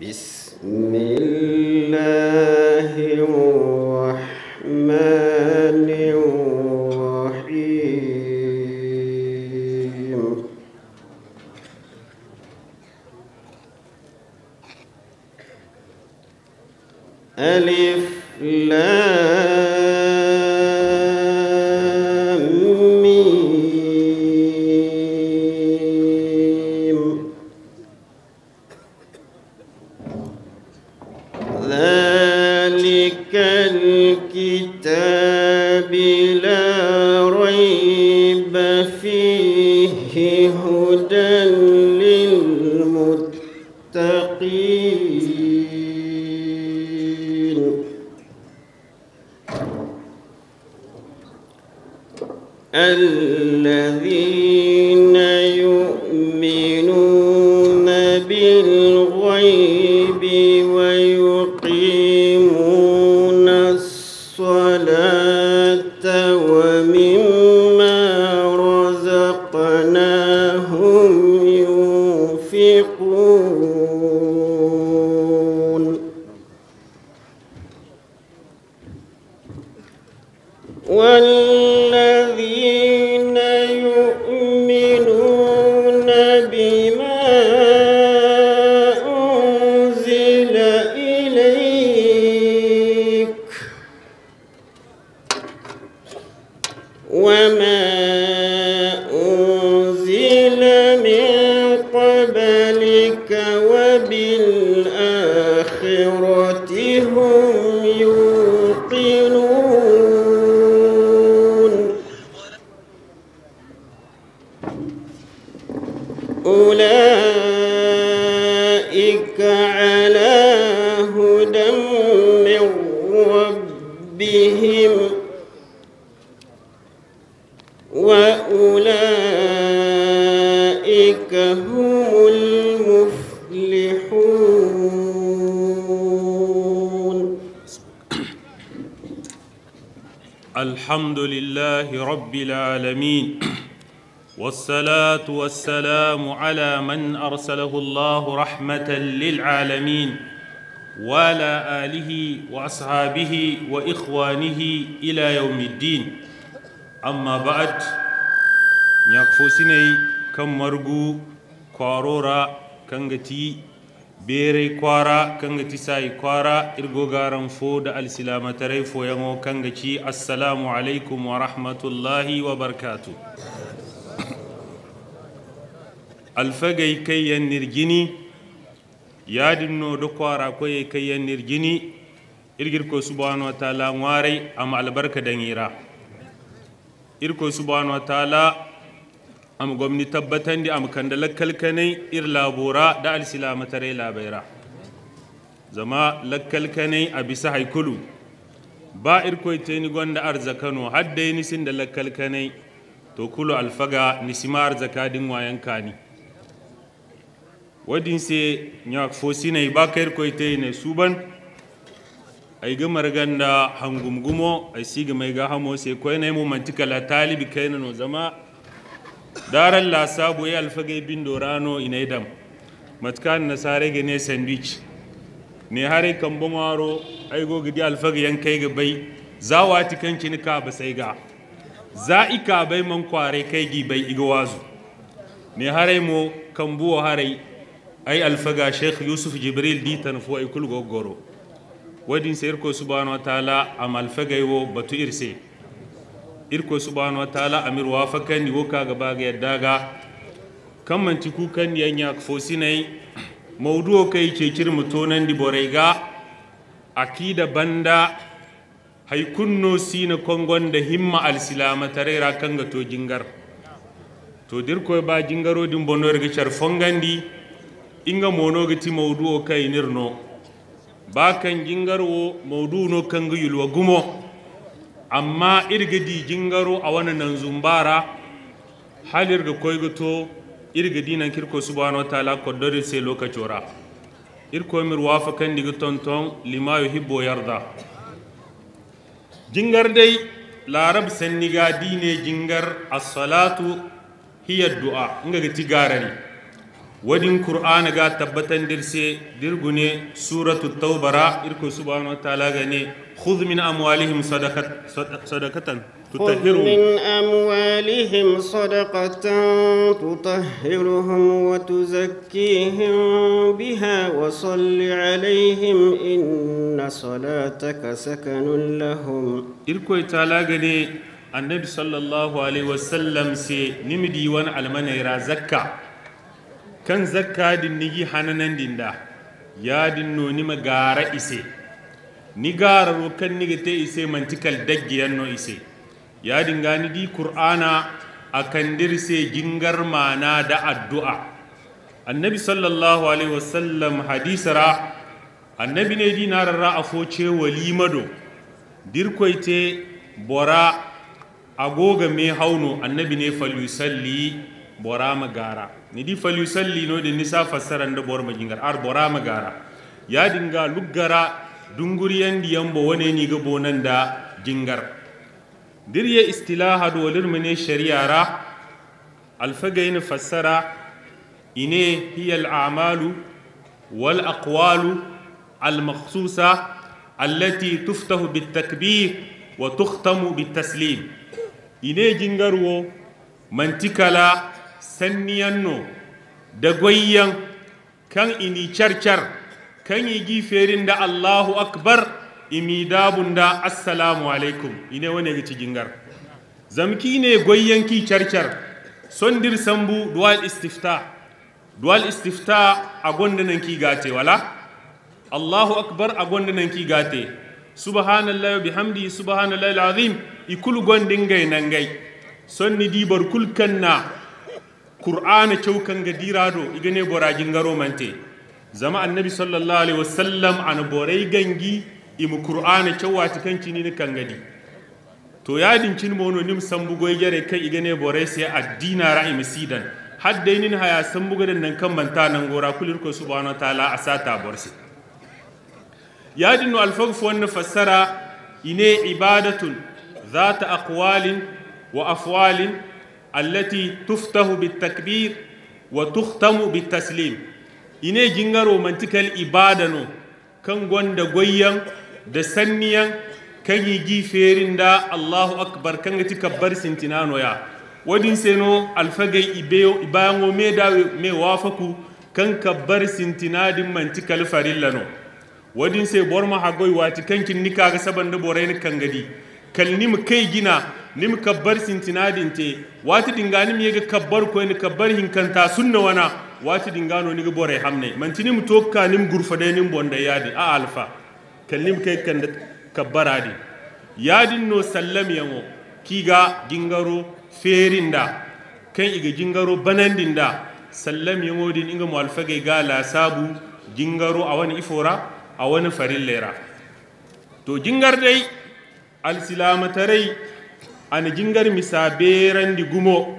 بسم الله الرحمن الرحيم ألف لام المتقين الذين يؤمنون بالغيب ويقيمون والذين يؤمنون بما أنزل إليك وما أنزل من قبلك وبالآخرة هم يؤمنون ربهم وأولئك هم المفلحون الحمد لله رب العالمين والصلاة والسلام على من أرسله الله رحمة للعالمين وعلى آله وأصحابه وإخوانه إلى يوم الدين أما بعد نيكفوسيني كم مرغو كوارورا كنغتي بيري كوارا كنغتي ساي كوارا إرغوغارن فود السلامة ريفو يمو كنغتي السلام عليكم ورحمة الله وبركاته الفقي كي ينرجني no da kwara 'yan kayyanir irgir ko subhanahu wa taala ŋwaray am albarka daŋira irko subhanahu wa taala am gomni di am kandala kalkane ir labora da al-silamati alsilamatare labaira zama lakalkane a bisa haikulu ba irko teni gonda arzakano sin sinda lakalkane to kulu alfaga nisima arzaka din wayankani wadin se fosi na ibakar ite ne suban ay gamar ganda hangum gumo ay ga mai ga hamo se ko ne mu mantika la talibi kaina no zama daral la sabu ya e alfage bin dorano idam matkan sare ga ne sandwich ne hare kan bomaro ay go gidi alfage yan kai ga bai Za wati kan ka ba sai ga Za ika bai man kware kai gi bai iga ne hare mu kan buwa hare Ai alfaga sheikh yusuf jibril ditan fo ay kulgo goro wadin se irko subhanahu wa ta'ala am wo batu irse irko subhanahu wa ta'ala amir wafakan ni woka ga baga yadda ga kan ku kukan yanya fo sinai mawdu'o kai ke kirmu tonan di borai ga akida banda kunno sina kongon da himma alsilama tarera kanga to jingar to dirko ba jingaro din bonor ga charfon gandi inga monogiti mawdu'o kaynirno bakan jingarwo mauduno kan yulwa gumo amma irgidi di jingaro a wani nan zumbara halir ga koygoto irgidi nan kirko subhanahu wa ta'ala kodore sai ora irko mir wafa kan tonton lima yuhibbu yarda jingar dai larab sanniga dine jingar as-salatu hiya du'a inga ga garani wadin qur'ana ga tabbatan dirse dirgune suratu taubara irko subhanahu wa ta'ala gane khudh min amwalihim sadaqat sadaqatan tutahhiruhum min amwalihim sadaqatan tutahhiruhum wa tuzakkihim biha wa salli alaihim inna salataka sakanun lahum irko ta'ala gane annabi sallallahu alaihi wasallam se nimidi wan almanaira zakka kan zakka din nigi hananan da ya no ni ma ise ni gara ro kan ni te ise mantikal dagge yanno ise ya dinga ni di qur'ana akan dirse gingar mana da addu'a annabi sallallahu alaihi wasallam hadisara annabi ne di narara afoce walimado dirkoite bora agoga me hauno annabi ne salli. bora magara ni di fal yusalli no de nisa fassaran da bor majingar ar bora magara ya dinga luggara dunguriyan diyan bo wane ni ga bonan da jingar dirye istilaha do lirmine shari'ara alfagayin fassara ine hiya al'amalu wal aqwalu al makhsusa allati tuftahu bit takbir wa tukhtamu bit taslim ine jingarwo mantikala sanniyanno da gwayyan kan ini charchar kan yi giferin da allahu akbar imi da assalamu alaikum ine wane ga cigingar zamki ne gwayyan ki charchar sondir sambu dual istifta dual istifta a gondanan ki gate wala allahu akbar a gondanan ki gate subhanallahi wa bihamdi subhanallahi alazim ikul gondin gai nan gai sonni dibar kulkanna qur'ana cewkanga dirado igane borajingaro mante zama annabi sallallahu alaihi wasallam an borai gangi imu qur'ana cewa ne kan gadi. to yadin cin mono nim sambugoy gere kai igane borai sai addina ra'i misidan haddainin haya sambugadan nan kan manta nan gora kulir ko subhanahu wa ta'ala asata borsi yadin dinu alfaqfu wan fassara ine ibadatun ذات wa afwalin. allati tuftahu bitakbir wa tuhtamu bitaslim ine jingaro mantikal ibada no kan gonda goyyan da sanniyan kan yi giferin da Allahu akbar kan gati kabbar sintinano ya wadin seno alfagai ibeyo ibayan me da me wafaku kan kabbar sintinadin mantikal farilla no wadin sai borma hagoi wati kan kin nika ga saban da borai kan gadi kalnim kai gina nim kabbar sintinadinte wati dingani mi yega kabbar ko ni kabbar hinkanta sunna wana wati dingano ni bore hamne mantini mu tokka nim de nim bonda yadi a alfa kallim kai kan kabbaradi yadin no sallam yango kiga gingaro ferinda kan iga gingaro banandinda sallam yango din inga mu alfa ga la sabu gingaro a wani ifora a wani farillera to gingar dai rai. ana jingari misa berandi gumo